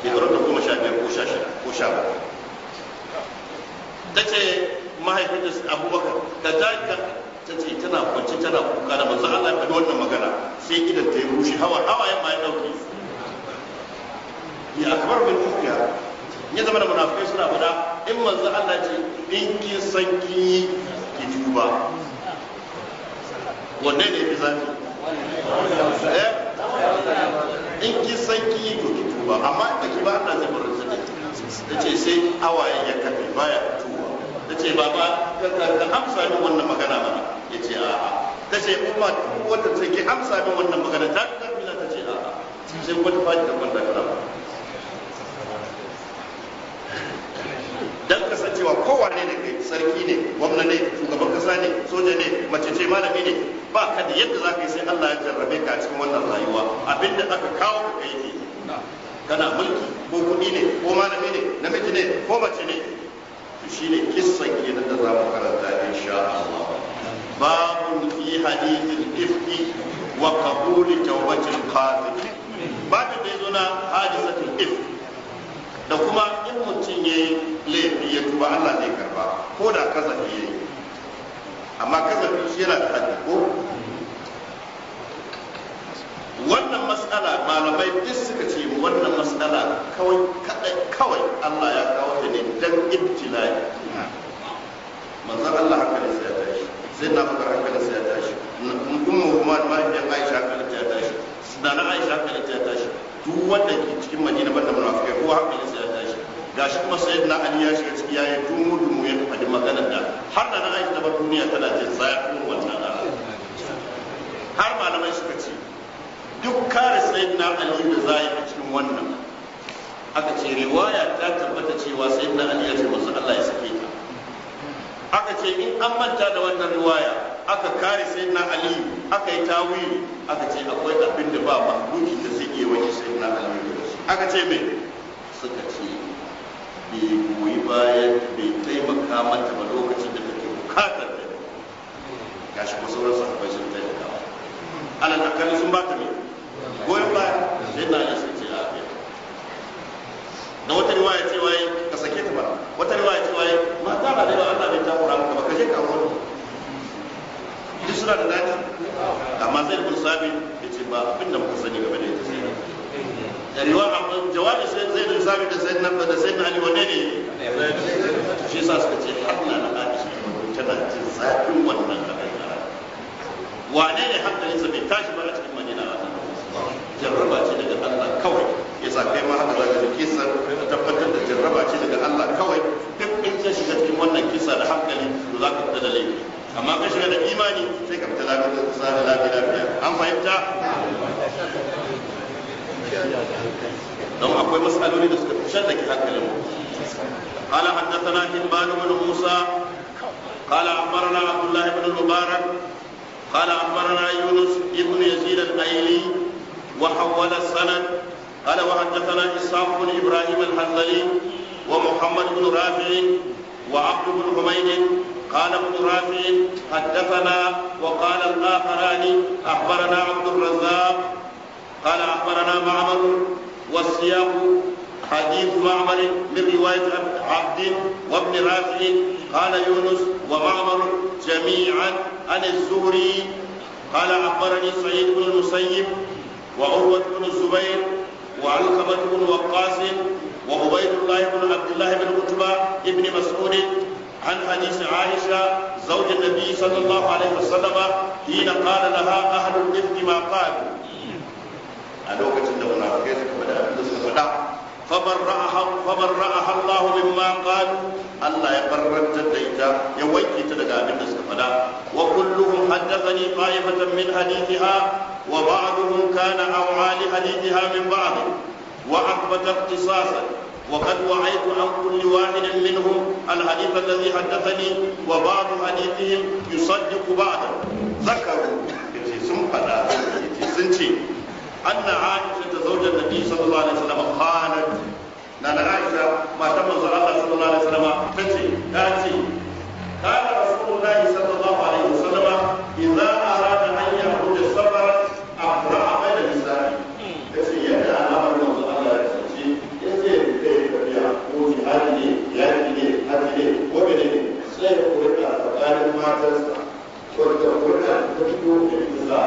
ki da kuma sha biyar ko sha shida ko sha bakwai ta ce mahaifinta abubakar ka ja ka ta ce tana kwanci tana kuka da masu Allah ya faɗi wannan magana sai idan ta yi rushe hawa hawayen ma ya dauke ya akbar min ukiya ya zama da munafikai suna faɗa in manzo Allah ce in ki san ki yi ki tuba wanne ne fi zafi eh? in ki san ki yi to ki tuba amma da ki ba Allah zai barin ta ce sai hawayen ya kafe baya tuba ce baba ka amsa min wannan magana mana ya ce a a ta ce umma wata ce ki amsa min wannan magana ta ta mina ta ce a a'a sai wata fadi da wanda kana dan kasancewa kowa ne kai sarki ne gwamna ne shugaban kasa ne soja ne mace ce malami ne ba ka da yadda za ka yi sai Allah ya jarrabe ka cikin wannan rayuwa abinda aka kawo ka kai ne kana mulki ko kuɗi ne ko malami ne namiji ne ko mace ne shine kissan kenan da za mu karanta insha Allah babun fi hadithil ifki wa qabul tawbatil qazi babin da yazo na hadisatul if da kuma in mutum yayi laifi ya tuba Allah zai karba ko da kazafi yayi amma kazafi shi yana da haddi ko wannan matsala malamai duk suka ce wannan matsala kawai kawai Allah ya kawo ta ne dan ibtilai manzon Allah haka ne sai ya tashi sai na fara haka ne sai ya tashi ummu kuma ma idan Aisha haka ne ta tashi da na Aisha haka ne ta tashi duk wanda ke cikin Madina banda munafikai ko haka ne sai ya tashi gashi kuma na Ali ya shiga ciki yayin dumu dumu ya fadi maganar da har da na Aisha ta bar duniya tana jin kuma wannan har malamai suka ce duk kare sai na ali da za a cikin wannan aka ce riwaya ta tabbata cewa sai na ali ya ce masu allah ya sake ta aka ce in an manta da wannan riwaya aka kare sai na ali aka yi tawili aka ce akwai abin da ba mahmudi da zai iya wani sai na ali aka ce me suka ce bai goyi bayan bai taimaka mata ba lokacin da take bukatar da shi kuma sauran sahabbai sun taimaka alal akali sun ba ta mai goyon baya sai na yin ce lafiya kai da wata riwaya ce wai ka sake ta ba wata riwaya ce wai mata ba da ba Allah bai takura maka ba ka je ka aure duk suna da daɗi amma zai bin sabi ya ce ba abin da muka sani game da ita sai da riwaya jawabi sai zai bin sabi da sai na da sai na ali wane ne shi sa suka ce Allah na Aisha tana jin zafin wannan abin wane ne hankalinsa bai tashi ba a cikin Madina ba jarraba ce daga Allah kawai ya sa kai ma haka za ka kisa ka tabbatar da jarraba ce daga Allah kawai duk in ka shiga cikin wannan kisa da hankali to za ka fita da laifi amma ka shiga da imani sai ka fita lafiya da kusa da lafiya an fahimta don akwai matsaloli da suka fi shan da ke hankalin mu قال حدثنا حبان بن موسى قال اخبرنا عبد الله بن المبارك قال اخبرنا يونس بن يزيد الايلي وحول السند قال وحدثنا اسحاق بن ابراهيم الحنظلي ومحمد بن رافع وعبد بن حميد قال ابن رافع حدثنا وقال الاخران اخبرنا عبد الرزاق قال اخبرنا معمر والسياق حديث معمر من روايه عبد وابن رافع قال يونس ومعمر جميعا عن الزهري قال اخبرني سعيد بن المسيب وعروة بن الزبير وعلقمة بن وقاص وعبيد الله بن عبد الله بن عتبة بن مسعود عن حديث عائشة زوج النبي صلى الله عليه وسلم حين قال لها أهل الإثم ما قالوا. أنا وقت النوم كيف بدأ فبرأها الله مما قالوا الله يقرن تديتا يويكي تدقى من السفلاء وكلهم حدثني طائفة من حديثها وبعضهم كان أوعى لحديثها من بعض وأثبت اختصاصا وقد وعيت عن كل واحد منهم الحديث الذي حدثني وبعض حديثهم يصدق بعضا ذكروا sun faɗa sun ce anna aisha ta zaujar nabi sallallahu alaihi wasallam qalat na na aisha matan manzon Allah sallallahu alaihi wasallam tace ta ce kana rasulullahi sallallahu alaihi wasallam idza arada an yakhruja safara afra'a bayna nisa'i tace yadda al'amarin manzon Allah tace yace kai tafiya ko jihadi ne yi ne haji ne ko ne sai ya kurka tsakanin matarsa wanda kurka ta fito da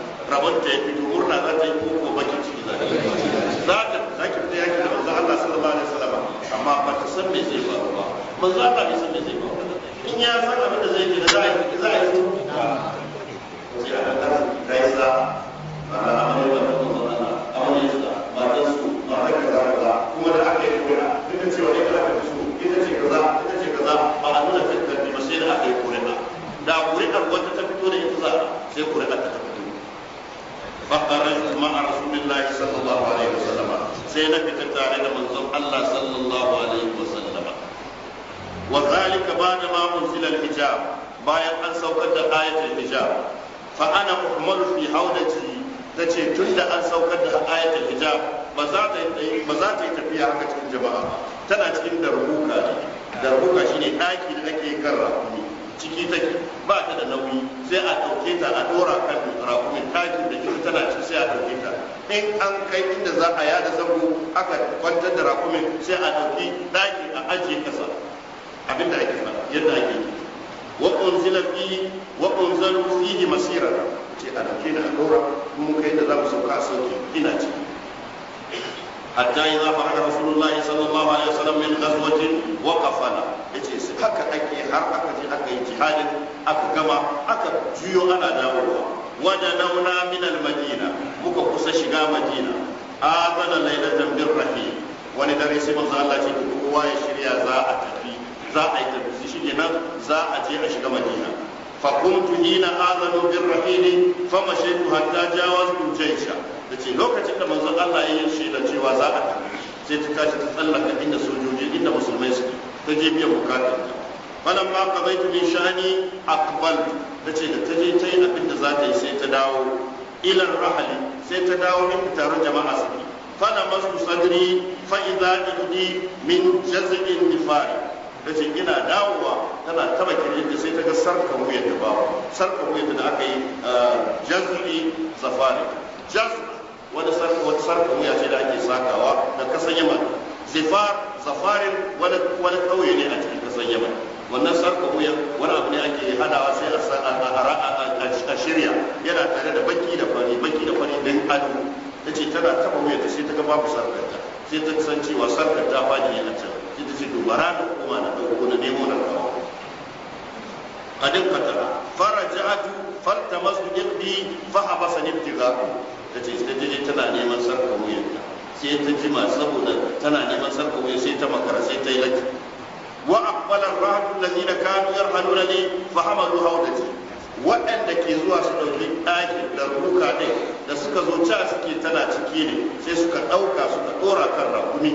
rabon ta ya fito murna za ta yi koko baki ciki za ta yi za ta za fita yaki da manzo Allah sallallahu alaihi wasallam amma ba ta san me zai faru ba manzo Allah bai san me zai faru in ya san abin da zai yi da za a yi za a yi sai a da a wata ta fito da ita za sai ta فخرجت مع رسول الله صلى الله عليه وسلم سينا في تتارين منظر الله صلى الله عليه وسلم وذلك بعد ما أنزل الحجاب bayan an saukar da ayatul hijab fa ana uhmalu fi haudati tace tunda an saukar da ayatul hijab ba za ta yi ba za ta yi tafiya haka cikin jama'a tana cikin darbuka ne darbuka shine daki da ake kan ciki ta ba ta da nauyi sai a ɗauke ta a ɗora kan rakumin tajin da kyau tana ci sai a ɗauke ta in an kai inda za a yada zango aka kwantar da rakumin sai a ɗauki daki a ajiye kasa abinda ake fara yadda ake yi wa unzila fi wa unzalu fihi masira ce a ɗauke da a ɗora mun kai da za mu sauka sauki ina ciki hatta idza faraga rasulullahi sallallahu alaihi wasallam min ghazwatin waqafana yace haka ake har aka je aka yi jihadin aka gama aka juyo ana dawowa wada nauna min al-madina muka kusa shiga madina azana laylatan birrahim wani dare sai manzo a ce kowa ya shirya za a tafi za a yi tafi shi za a je a shiga madina فقمت حين آذنوا بالرحيل فمشيت حتى جاوزت الجيش ta lokacin da manzon Allah ya yi shaida cewa za a tafi sai ta tashi ta tsallaka inda sojoji inda musulmai suke ta je biyan bukatar ta falan ma qabaitu min shani aqbaltu tace da ta je ta yi abin da za ta yi sai ta dawo ilan rahali sai ta dawo min taron jama'a suke fana masu sadri fa idza min jaz'in nifari tace ina dawowa tana taba kirjinta sai ta ga sarka wuyar da babu sarka wuyar da aka yi eh, jaz'i zafari jaz'i wani sarka wata sarka wuya ce da ake sakawa da kasan yaman Zafar zafarin wani wani kauye ne a cikin kasan yaman wannan sarka wuya wani abu ne ake hadawa sai a shirya yana tare da baki da fari baki da fari don ado ta ce tana taba wuya ta sai ta ga babu sarkar ta sai ta san cewa sarkar ta fadi a can sai ta ce dubara da kuma na ɗauko na nemo na kawo قد انقطع فرجعت فالتمست جلدي فحبسني ابتغاؤه ta ce ta je tana neman sarka wuyanta sai ta jima saboda tana neman sarka wuya sai ta makara sai ta yi laki wa aqbala ar-rahatu alladhina kanu yarhaluna li fa hamalu hawdati waɗanda ke zuwa su ɗauki ɗakin da ruka ɗin da suka zo ca suke tana ciki ne sai suka ɗauka suka ɗora kan rakumi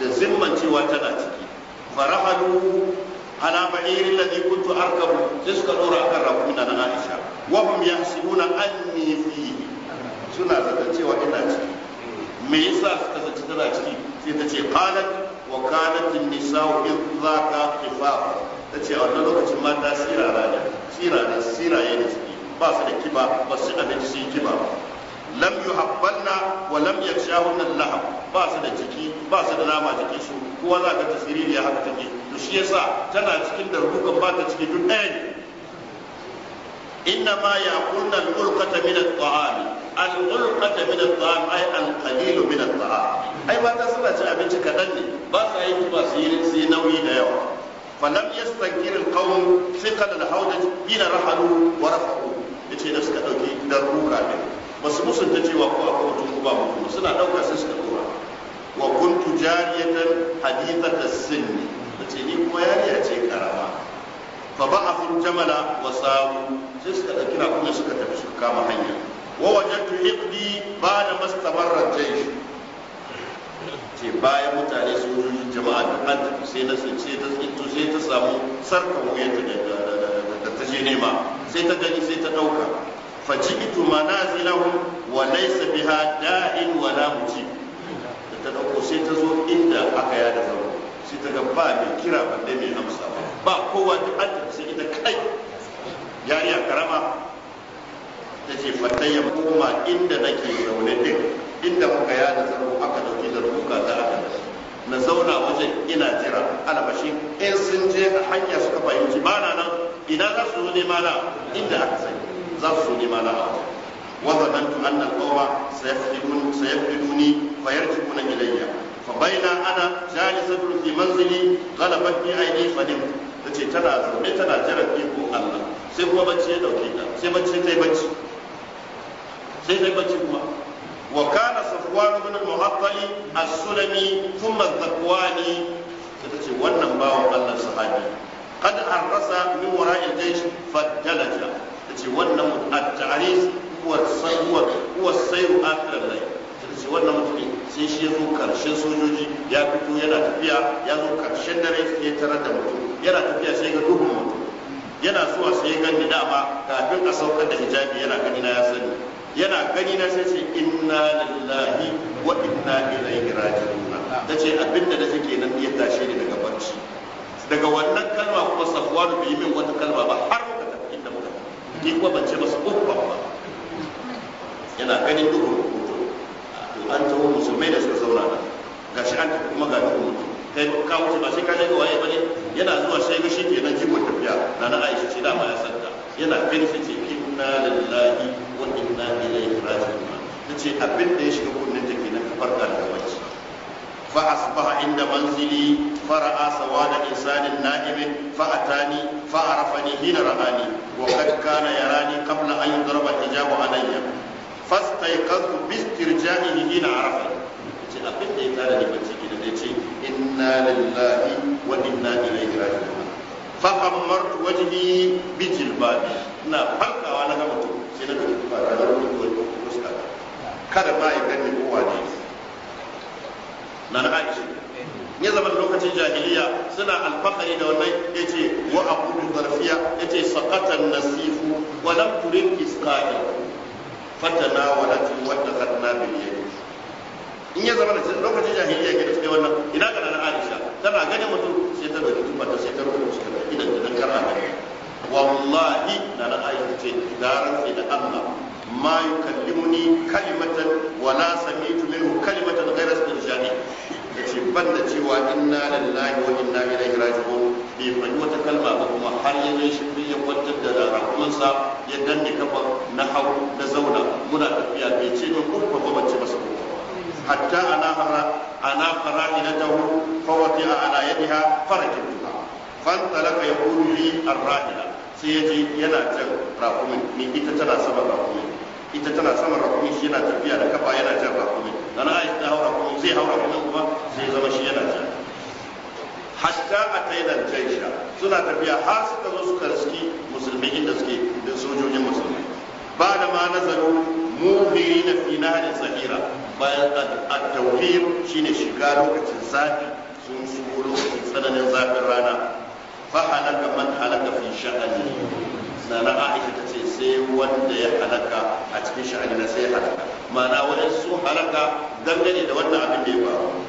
da zimman cewa tana ciki farahalu ala ba'irin ladhi kuntu arkabu sai suka ɗora kan rakumi na Aisha wa hum yahsibuna anni fihi suna zaton cewa ina ciki me yasa suka zaci tana ciki sai ta ce qalat wa kanat an-nisa'u idhaka khifaf ta ce a wannan lokacin mata sirara ne sirara siraye ne ciki ba su da kiba ba su da na yi kiba lam Habbanna wa lam yakshahunna lahab ba su da jiki ba su da nama jikin su kowa za ka tasiri ya haka take to shi yasa tana cikin da rukan ba ta ciki duk ɗaya ne inna ma yaqulna al-mulqata min at-ta'ami al'ulqata min al-ta'am ay al-qalil min al-ta'am ai mata suna ci abinci kadan ne ba sa yi ba su yi sai nauyi da yawa falam yastankir al-qawm thiqal al-hawdaj hina rahalu wa rafa'u yace da suka dauki daruka ne basu musunta cewa ko mutum ba mutum suna dauka sai suka wa kuntu jariyatan hadithata ni karama fa suka tafi suka kama hanya wa wajadtu ba da mastamarra ce bayan mutane su yi jama'a da an tafi sai na sai ta tsinto sai ta samu sarka wuyan da ta je nema sai ta gani sai ta dauka faji'tu manazilahum wa laysa biha da'in wa la muji da ta dauko sai ta zo inda aka yada zama sai ta ga ba mai kira ba balle mai amsa ba kowa da an tafi sai ita kai yariya karama ta ce fata ya koma inda nake zaune din inda kuka yada zaro aka dauki da ka za aka dashi na zauna wajen ina jira albashi in sun je a hanya suka fahimci ba na nan ina za su zo nema inda aka sani za su zo nema na a وظننت أن القوم سيفقدون ilayya fa baina ana jalisatu fi manzili ghalabat bi aidi fadim tace tana zaune tana jiran ko Allah sai kuma bacci ya dauke ta sai bacci ta yi bacci sai dai bacci kuma wa kana safwan ibn al-muhattali as-sulami thumma az-zakwani sai ce wannan bawan Allah sahabi qad arrasa min wara'il jaysh fadalaja tace wannan at-ta'ris huwa sayyidu huwa sayyidu akhir al-layl tace wannan mutum sai shi ya zo karshen sojoji ya fito yana tafiya ya zo karshen dare sai ya tarar da mutum yana tafiya sai ga duhun mutum yana zuwa sai ya gani dama kafin a saukar da hijabi yana gani na ya sani yana gani na sai ce inna lillahi wa inna ilaihi raji'un tace abinda da take nan ya tashi ne daga barci daga wannan kalma kuma safwan bai yi min wata kalma ba har ka tafi inda muka ni kuma ban ce masa uffan ba yana gani duk rubutu to an tawo musulmai da suka zauna nan gashi an tafi kuma ga duk rubutu kai ka wuce ba sai ka ga waye bane yana zuwa sai ga shi kenan jibo tafiya na na Aisha ce ma ya santa yana gani sai ce inna lillahi kunna ilayhi raji'un tace abin da ya shiga kunnen take nan kafar da fa asbaha inda manzili fara'a sawada insanin na'im fa atani fa arafani hina ra'ani wa qad kana yarani qabla an yudraba hijabu alayya fastayqadtu bi istirja'ihi hina arafani abin da ya tada ni bacci gidan da ce inna lillahi wa inna ilaihi raji'un fa ammartu wajhi bi jilbabi na kina da kuma da da wani koyi ko fuska kada ma ya gani ko wane na na Aisha ya zama lokacin jahiliya suna alfakari da wannan yace wa abudu zarfiya yace sakatan nasifu wa lam turin isqa'i fatana wa la tuwadda qadna bil yadi in ya zama lokacin jahiliya ke da wannan ina ga na Aisha tana ganin mutum sai ta dauki tuba ta sai ta rubuta idan ta kara wallahi na na aisha ce na rantsi da Allah ma yukallimuni kalimatan wa la sami'tu minhu kalimatan ghayra istinjani yace ban da cewa inna lillahi wa inna ilaihi raji'un bai faɗi wata kalma ba kuma har ya yi shi ya kwantar da rakumansa ya danne kafa na hau na zauna muna tafiya bai ce ne kuma ba bace masa kuma hatta ana fara ana fantalaka ya kuru li arrahila sai ya je yana jan rakumin ni ita tana sama rakumin ita tana sama rakumin shi yana tafiya da kafa yana jan rakumin dan aisha ta haura rakumin zai haura rakumin kuma sai zama shi yana jan hatta a taidan jaisha suna tafiya har suka zo suka riski musulmi inda suke da sojojin musulmi ba da ma nazaru muhiri na finari sahira bayan at-tawhir shine shiga lokacin zafi sun shigo lokacin tsananin zafin rana fa man halaka fi sha'ani a aisha ta ce sai wanda ya halaka a cikin sha'ani na sai halaka ma'ana wajen su halaka dangane da wannan abin da ya faru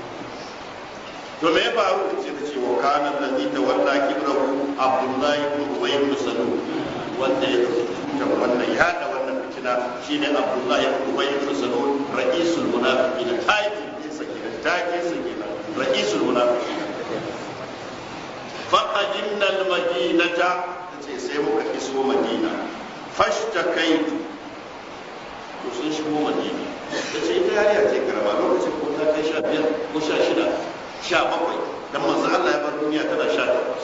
to me ya faru ce ta ce wa kana allazi tawalla kibrahu abdullahi ibn ubay ibn salul wanda ya ta wannan ya da wannan fitina shine abdullahi ibn ubay ibn salul ra'isul munafiqin ta'ifi ta ta'ifi sakin ra'isul munafiqin فقدمنا المدينة سيبوك اسمه مدينة فاشتكيت sun shigo madina da ce ita yariya ce karama lokacin ko ta kai sha biyar ko sha shida sha bakwai dan manzo Allah ya bar duniya tana sha takwas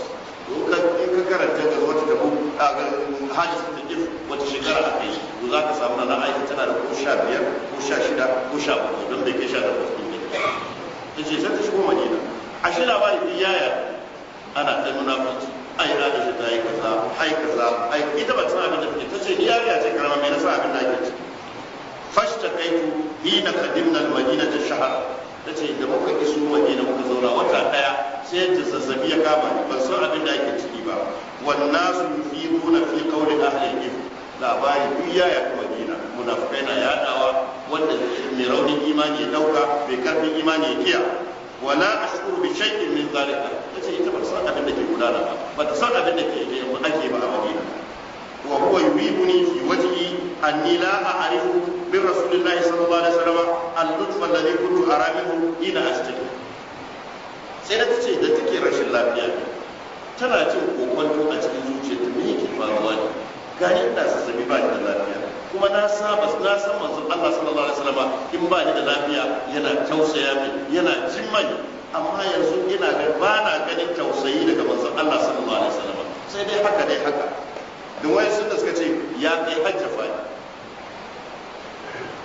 in ka karanta ga wata tabu a ga hajji ta dif wata shekara a kai to za ka samu na aiki tana da ko sha biyar ko sha shida ko sha don kai sha ta ta shigo madina a ana kai munafunci ai na da ta yi kaza ai kaza ai ita ba tana abin da take ce ni yariya ce karama me nasa abin da ake ci fashta kaitu hina na almadinata shahara ce da muka iso madina muka zauna wata daya sai ta zazzabi ya kama ni ban san abin da ake ciki ba wan nasu yufiruna fi qawli ahli hali ilm labari duk ya kuma madina munafikai na yadawa wanda mai raunin imani ya dauka bai karfin imani ya kiya wala ashkuru bi shay'in min zalika ce ita ba san abin da ke gudana ba ba ta san abin da ke da yamma ake ba a Madina wa huwa yubibuni fi wajhi anni la a'rifu bi rasulillahi sallallahu alaihi wasallam al-lutf alladhi kuntu ara minhu ila ashtahi sai da tace da take rashin lafiya tana jin kokonto a cikin zuciyarta me yake faruwa ne gani ina zazzabi ba ni da lafiya kuma na saba na san manzon Allah sallallahu alaihi wasallam in ba ni da lafiya yana tausaya min yana jimman amma yanzu ina ga ba na ganin tausayi daga manzon Allah sallallahu alaihi wasallam sai dai haka dai haka da wayan sun da suka ce ya kai hajji fa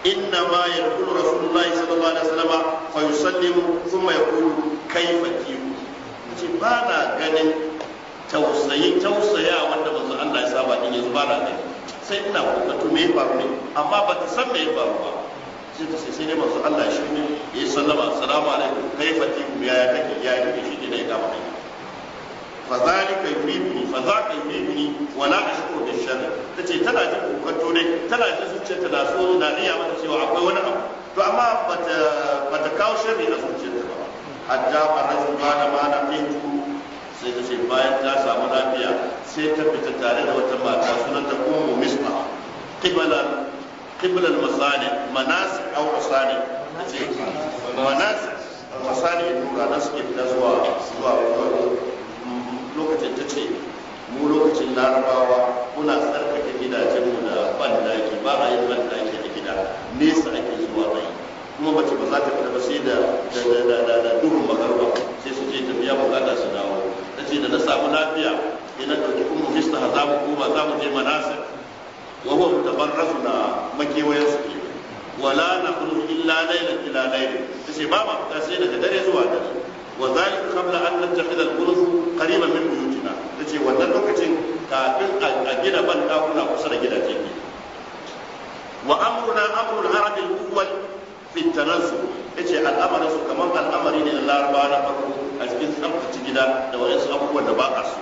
inna ma yaqulu rasulullahi sallallahu alaihi wasallam fa yusallimu thumma yaqulu kayfa kiyu ce ba na ganin tausayi tausaya wanda manzo Allah ya saba din yanzu ba da gani sai ina kokatu me ya faru ne amma ba ta san me ya faru ba sai ta sai sai ne manzo Allah ya ne ya yi sallama assalamu alaikum kaifa tiku ya ya kake ya yi shi ne da ya kama hanya فذلك يريبني فذاك يريبني ولا اشكو بالشر tace tana jin kokato ne tana jin zuciyarta da so na iya mata cewa akwai wani abu to amma ba ta kawo sharri a zuciyarta ba hatta ba rajul ba da ma na fitu sai ta ce bayan ta samu lafiya sai ta fita tare da wata mata sunanta misma masani manasi au asani ce masani suke fita zuwa zuwa lokacin ta ce mu lokacin larabawa muna tsarkake gidajenmu da bandaki ba a bandaki a gida nesa ake zuwa rai kuma mace ba za ta fita ba sai da duhun magarba sai su je tafiya bukata su dawo ta ce da na samu lafiya sai na ɗauki ummu mistaha za mu koma za mu je manasir wa huwa rasu na makewayen su ke wala na kunu illa laila ila laila ta ce ba ma ta sai daga dare zuwa dare wa zalika qabla an nattakhidha al-qurus qariban min buyutina ta ce wannan lokacin kafin a gina ban dakuna kusa da gidajen ne wa amruna amrul arabil awwal fi tanazzul yace al'amarin su kamar al'amari ne na laraba na farko a cikin tsaftace gida da waɗansu abubuwan da ba a so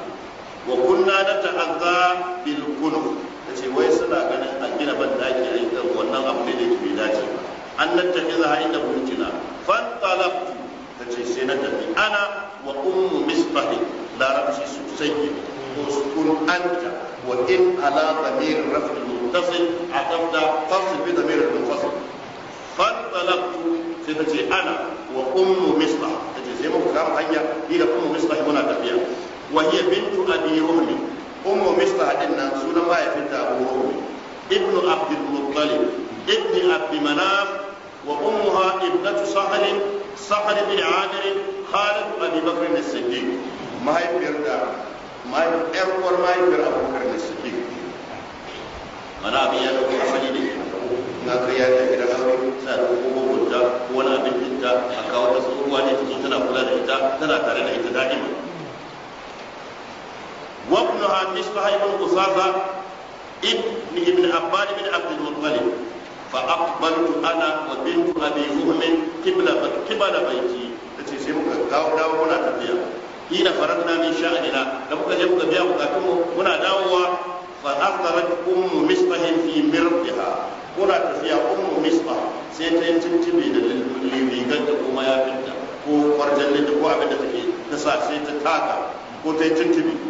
wa kunna da na ta'azza bil kunu yace wai suna ganin a gina ban daki a yi wannan abu ne da yake bai dace ba an nan tafi za a inda burkina fan talabtu ta ce sai na tafi ana wa ummu misbahi larabci sosai ne اسكن انت وان على ضمير رفع متصل عطفت فصل بضمير المنفصل فانطلقت sai ta ce ana wa ummu misla ta ce sai muka kama hanya ni da ummu misla muna tafiya wa hiya bintu abi ruhmi ummu misla din nan sunan mahaifinta abu ruhmi ibnu abdul muttalib ibnu abd manaf wa ummuha ibnatu sahl sahl bin amir khalid abi bakr as-siddiq mahaifiyar da mahaifiyar mahaifiyar abubakar as-siddiq wani abin ya dauki asali ne na kariya ta gidan aure sa da hukumomin ta ko wani abin din ta a kawo ta tsohuwa ne ta tana kula da ita tana tare da ita da'ima wakuna ha mishi haifin usaza ibn ibn abbad ibn abd al-muttalib fa aqbaltu ana wa bint abi muhammad qibla qibla bayti tace sai muka kawo dawo muna tafiya ina faratna min sha'ina da muka je muka biya bukatun muna dawowa فأخذت أم مصبح في مرقها kuna tafiya ummu misba sai ta yi tuntubi da rigar da kuma yafinta ko kwarjan da ko abin da take ta sa sai ta taka ko ta yi tuntubi